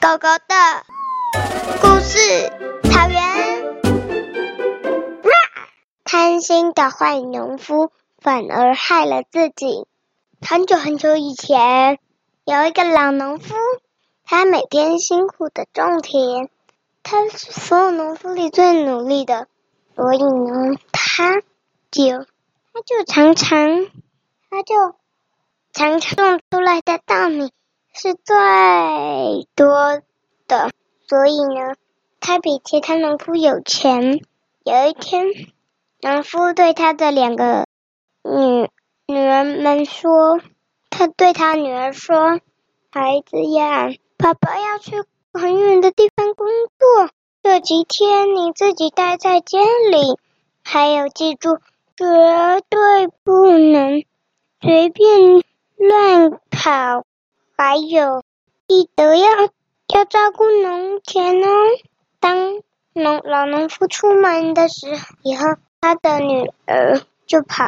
狗狗的故事，草原、啊。貪心的壞農夫反而害了自己。很久很久以前，有一個老農夫，他每天辛苦地種田，他是所有農夫裡最努力的，所以呢，他就他就常常他就常常種出來的稻米。是最多的，所以呢，他比其他農夫有錢。有一天，農夫對他的兩個女女兒們說：“他對他女兒說，孩子呀，爸爸要去很遠的地方工作，這幾天你自己待在家裡，還有記住，絕對不能隨便亂跑。”還有一德，記得要要照顧農田哦。當農老農夫出門的時候，以後他的女兒就跑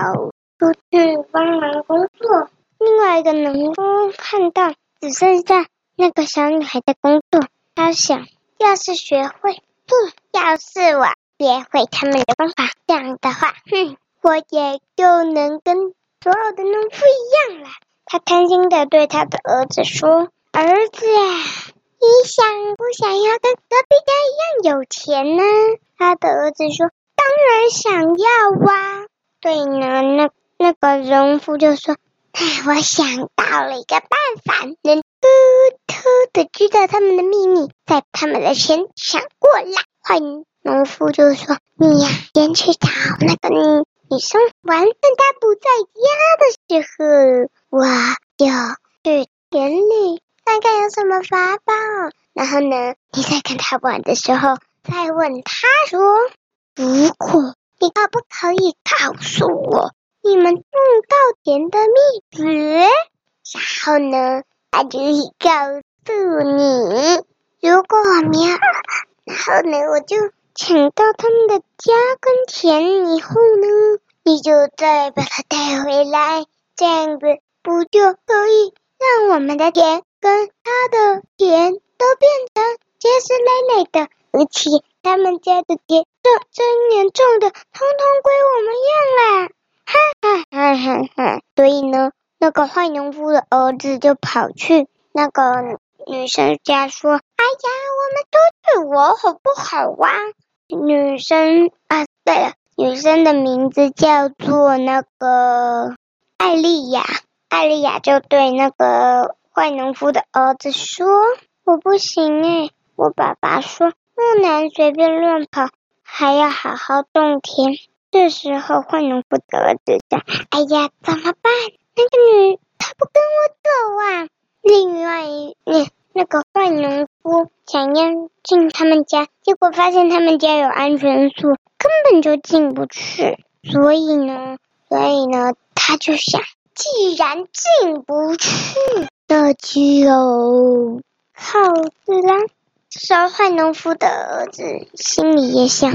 出去幫忙工作。另外一個農夫看到只剩下那個小女孩在工作，他想，要是學會，哼，要是我學會他們的方法，這樣的話，哼，我也就能跟所有的農夫一樣了。他貪心地對他的兒子說：“兒子呀，你想不想要跟隔壁家一樣有錢呢？”他的兒子說：“當然想要哇、啊！”對呢，那那個農夫就說：“哎，我想到了一個辦法，能偷偷地知道他們的秘密，再把他們的錢搶過來。壞”壞農夫就說：“你呀，先去找那個你。”女生玩，趁他不在家的時候，我就去田裡看看有什麼法寶。然後呢，你再跟他玩的時候，再問他說：“如果你可不可以告訴我你們種稻田的秘訣？”然後呢，他就可以告訴你。如果我沒有，然後呢，我就。搶到他們的家跟田以後呢，你就再把他帶回來，這樣子不就可以讓我們的田跟他的田都變成結實累累的，而且他們家的田種這嚴重的，統統歸我們用啦！哈哈哈哈哈！所以呢，那個壞農夫的兒子就跑去那個。女生家說：“哎呀，我們都對我好不好啊？”女生啊，對了，女生的名字叫做那個艾麗雅。艾麗雅就對那個壞農夫的兒子說：“我不行哎，我爸爸說不能隨便亂跑，還要好好種田。”這時候，壞農夫的兒子在，哎呀，怎麼辦？那個女她不跟我走啊？”壞，那、哎、那個壞農夫想要進他們家，結果發現他們家有安全鎖，根本就進不去。所以呢，所以呢，他就想，既然進不去，那就靠兒子啦。燒壞農夫的兒子心裡也想，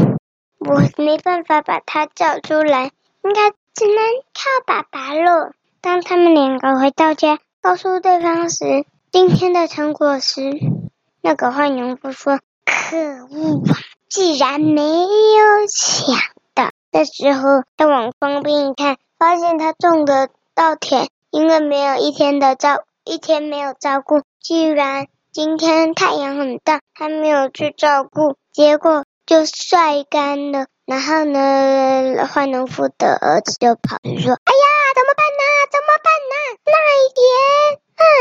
我沒辦法把他叫出來，應該只能靠爸爸了。當他們兩個回到家，告訴對方時。今天的成果是，那個壞農夫說：“可惡！啊，既然沒有搶到，這時候他往旁邊一看，發現他種的稻田因為沒有一天的照一天沒有照顧，既然今天太陽很大，他沒有去照顧，結果就曬乾了。然後呢，壞農夫的兒子就跑去說：‘哎呀，怎麼辦呢？怎麼辦呢？那一天。’”哎呀，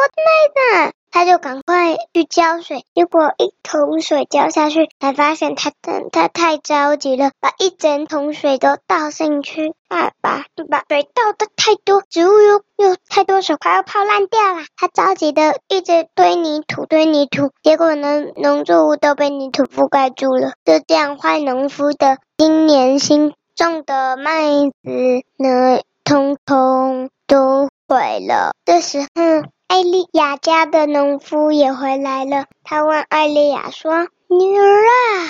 我的麥子！他就趕快去澆水，結果一桶水澆下去，才發現他他太着急了，把一整桶水都倒進去。爸爸把，把水倒得太多，植物又又太多水，快要泡爛掉啦。他着急的一直堆泥土，堆泥土，結果呢，農作物都被泥土覆蓋住了。就這樣，壞農夫的今年新種的麥子呢，統統都毀了。這時。艾麗亞家的農夫也回來了。他問艾麗亞說：“女兒啊，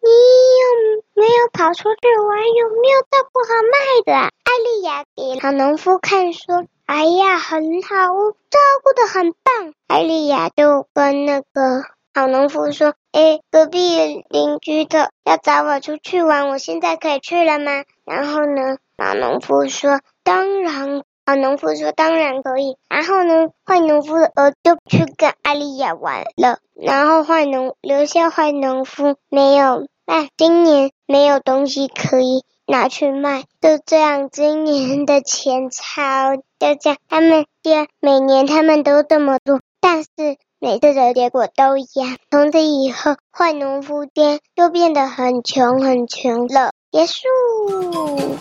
你有沒有跑出去玩？有沒有照顧好麥子？”艾麗亞給老農夫看，說：“哎呀，很好哦，照顧的很棒。”艾麗亞就跟那個老農夫說：“哎，隔壁鄰居的要找我出去玩，我現在可以去了嗎？”然後呢，老農夫說：“當然。”好農夫說：“當然可以。”然後呢，壞農夫兒子就去跟阿麗亞玩了。然後壞農留下壞農夫沒有賣，哎，今年沒有東西可以拿去賣，就這樣，今年的錢超就這樣。他們爹每年他們都這麼做，但是每次的結果都一樣。從此以後，壞農夫爹就變得很窮，很窮了。結束。